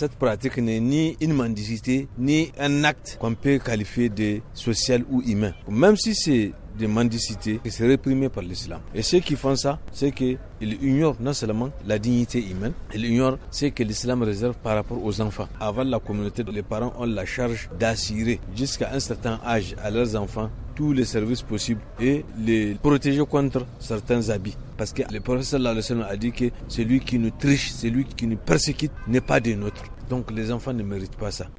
Cette pratique n'est ni une mendicité, ni un acte qu'on peut qualifier de social ou humain. Même si c'est de mendicité c'est réprimé par l'islam. Et ceux qui font ça, c'est qu'ils ignorent non seulement la dignité humaine, ils ignorent ce que l'islam réserve par rapport aux enfants. Avant la communauté, les parents ont la charge d'assurer jusqu'à un certain âge à leurs enfants tous les services possibles et les protéger contre certains habits. Parce que le professeur Lalassane a dit que celui qui nous triche, celui qui nous persécute n'est pas des nôtres. Donc les enfants ne méritent pas ça.